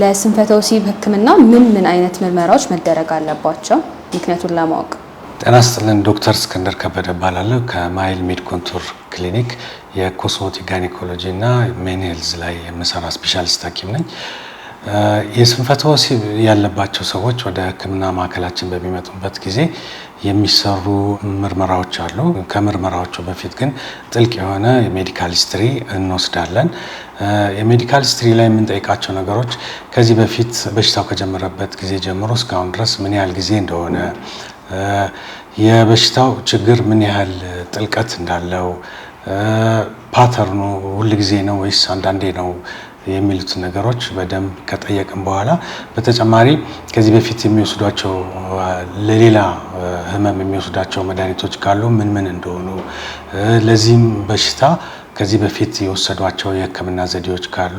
ለስንፈተ ወሲብ ምን ምን አይነት ምርመራዎች መደረግ አለባቸው? ምክንያቱን ለማወቅ ጤና ይስጥልን። ዶክተር እስክንድር ከበደ እባላለሁ ከማይል ሜድ ኮንቱር ክሊኒክ የኮስሞቲክ ጋይኒኮሎጂ እና ሜን ሄልዝ ላይ የምሰራ ስፔሻሊስት ሐኪም ነኝ። የስንፈተ ወሲብ ያለባቸው ሰዎች ወደ ሕክምና ማዕከላችን በሚመጡበት ጊዜ የሚሰሩ ምርመራዎች አሉ። ከምርመራዎቹ በፊት ግን ጥልቅ የሆነ የሜዲካል ሂስትሪ እንወስዳለን። የሜዲካል ሂስትሪ ላይ የምንጠይቃቸው ነገሮች ከዚህ በፊት በሽታው ከጀመረበት ጊዜ ጀምሮ እስካሁን ድረስ ምን ያህል ጊዜ እንደሆነ የበሽታው ችግር ምን ያህል ጥልቀት እንዳለው ፓተርኑ ጊዜ ነው ወይስ አንዳንዴ ነው የሚሉት ነገሮች በደንብ ከጠየቅን በኋላ በተጨማሪ ከዚህ በፊት የሚወስዷቸው ለሌላ ህመም የሚወስዷቸው መድኃኒቶች ካሉ ምን ምን እንደሆኑ ለዚህም በሽታ ከዚህ በፊት የወሰዷቸው የህክምና ዘዴዎች ካሉ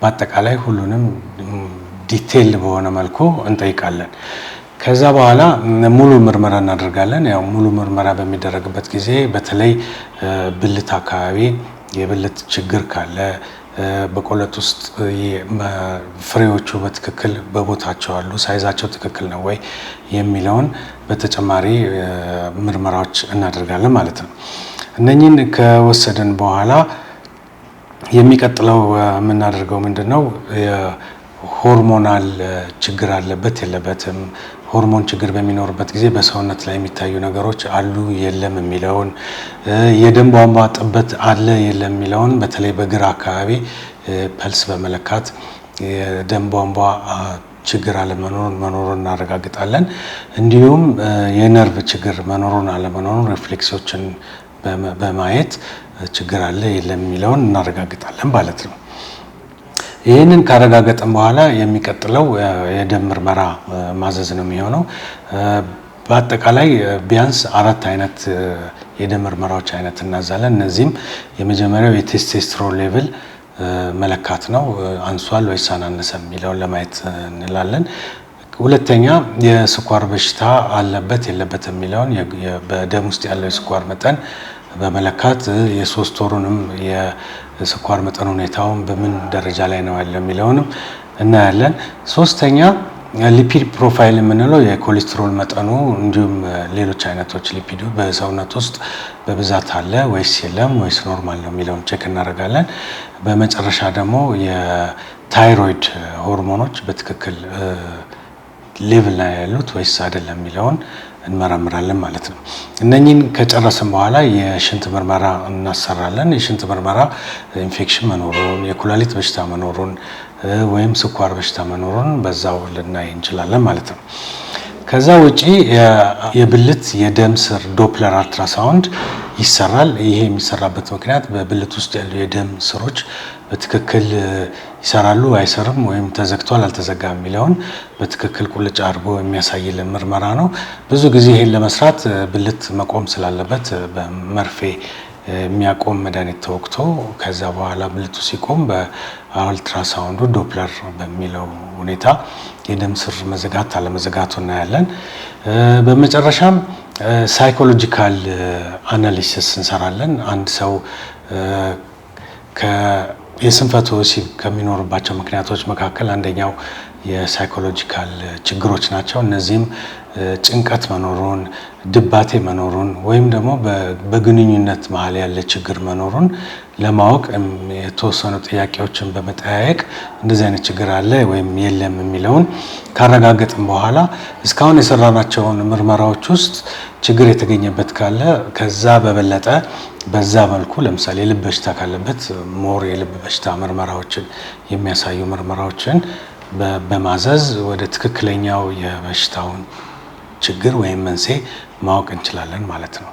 በአጠቃላይ ሁሉንም ዲቴል በሆነ መልኩ እንጠይቃለን። ከዛ በኋላ ሙሉ ምርመራ እናደርጋለን። ያው ሙሉ ምርመራ በሚደረግበት ጊዜ በተለይ ብልት አካባቢ የብልት ችግር ካለ በቆለት ውስጥ ፍሬዎቹ በትክክል በቦታቸው አሉ፣ ሳይዛቸው ትክክል ነው ወይ የሚለውን በተጨማሪ ምርመራዎች እናደርጋለን ማለት ነው። እነኚህን ከወሰድን በኋላ የሚቀጥለው የምናደርገው ምንድን ነው? ሆርሞናል ችግር አለበት የለበትም፣ ሆርሞን ችግር በሚኖርበት ጊዜ በሰውነት ላይ የሚታዩ ነገሮች አሉ የለም የሚለውን የደም ቧንቧ ጥበት አለ የለም የሚለውን በተለይ በግራ አካባቢ ፐልስ በመለካት የደም ቧንቧ ችግር አለመኖሩን መኖሩን እናረጋግጣለን። እንዲሁም የነርቭ ችግር መኖሩን አለመኖሩን ሪፍሌክሶችን በማየት ችግር አለ የለም የሚለውን እናረጋግጣለን ማለት ነው። ይህንን ካረጋገጠም በኋላ የሚቀጥለው የደም ምርመራ ማዘዝ ነው የሚሆነው። በአጠቃላይ ቢያንስ አራት አይነት የደም ምርመራዎች አይነት እናዛለን። እነዚህም የመጀመሪያው የቴስቴስትሮን ሌቭል መለካት ነው፣ አንሷል ወይስ አናነሰ የሚለውን ለማየት እንላለን። ሁለተኛ የስኳር በሽታ አለበት የለበት የሚለውን በደም ውስጥ ያለው የስኳር መጠን በመለካት የሶስት ወሩንም የስኳር መጠን ሁኔታውን በምን ደረጃ ላይ ነው ያለ የሚለውንም እናያለን። ሶስተኛ ሊፒድ ፕሮፋይል የምንለው የኮሌስትሮል መጠኑ እንዲሁም ሌሎች አይነቶች ሊፒዱ በሰውነት ውስጥ በብዛት አለ ወይስ የለም ወይስ ኖርማል ነው የሚለውን ቼክ እናደርጋለን። በመጨረሻ ደግሞ የታይሮይድ ሆርሞኖች በትክክል ሌቭል ላይ ያሉት ወይስ አይደለም የሚለውን እንመረምራለን ማለት ነው። እነኚህን ከጨረስን በኋላ የሽንት ምርመራ እናሰራለን። የሽንት ምርመራ ኢንፌክሽን መኖሩን፣ የኩላሊት በሽታ መኖሩን ወይም ስኳር በሽታ መኖሩን በዛው ልናይ እንችላለን ማለት ነው። ከዛ ውጪ የብልት የደም ስር ዶፕለር አልትራሳውንድ ይሰራል። ይሄ የሚሰራበት ምክንያት በብልት ውስጥ ያሉ የደም ስሮች በትክክል ይሰራሉ አይሰርም፣ ወይም ተዘግቷል አልተዘጋም የሚለውን በትክክል ቁልጭ አድርጎ የሚያሳይልን ምርመራ ነው። ብዙ ጊዜ ይሄን ለመስራት ብልት መቆም ስላለበት በመርፌ የሚያቆም መድኃኒት ተወቅቶ ከዛ በኋላ ብልቱ ሲቆም አልትራሳውንዱ ዶፕለር በሚለው ሁኔታ የደም ስር መዘጋት አለመዘጋቱ እናያለን። በመጨረሻም ሳይኮሎጂካል አናሊሲስ እንሰራለን። አንድ ሰው የስንፈት ወሲብ ከሚኖርባቸው ምክንያቶች መካከል አንደኛው የሳይኮሎጂካል ችግሮች ናቸው። እነዚህም ጭንቀት መኖሩን፣ ድባቴ መኖሩን ወይም ደግሞ በግንኙነት መሀል ያለ ችግር መኖሩን ለማወቅ የተወሰኑ ጥያቄዎችን በመጠያየቅ እንደዚህ አይነት ችግር አለ ወይም የለም የሚለውን ካረጋገጥን በኋላ እስካሁን የሰራናቸውን ምርመራዎች ውስጥ ችግር የተገኘበት ካለ ከዛ በበለጠ በዛ መልኩ ለምሳሌ የልብ በሽታ ካለበት ሞር የልብ በሽታ ምርመራዎችን የሚያሳዩ ምርመራዎችን በማዘዝ ወደ ትክክለኛው የበሽታውን ችግር ወይም መንስኤ ማወቅ እንችላለን ማለት ነው።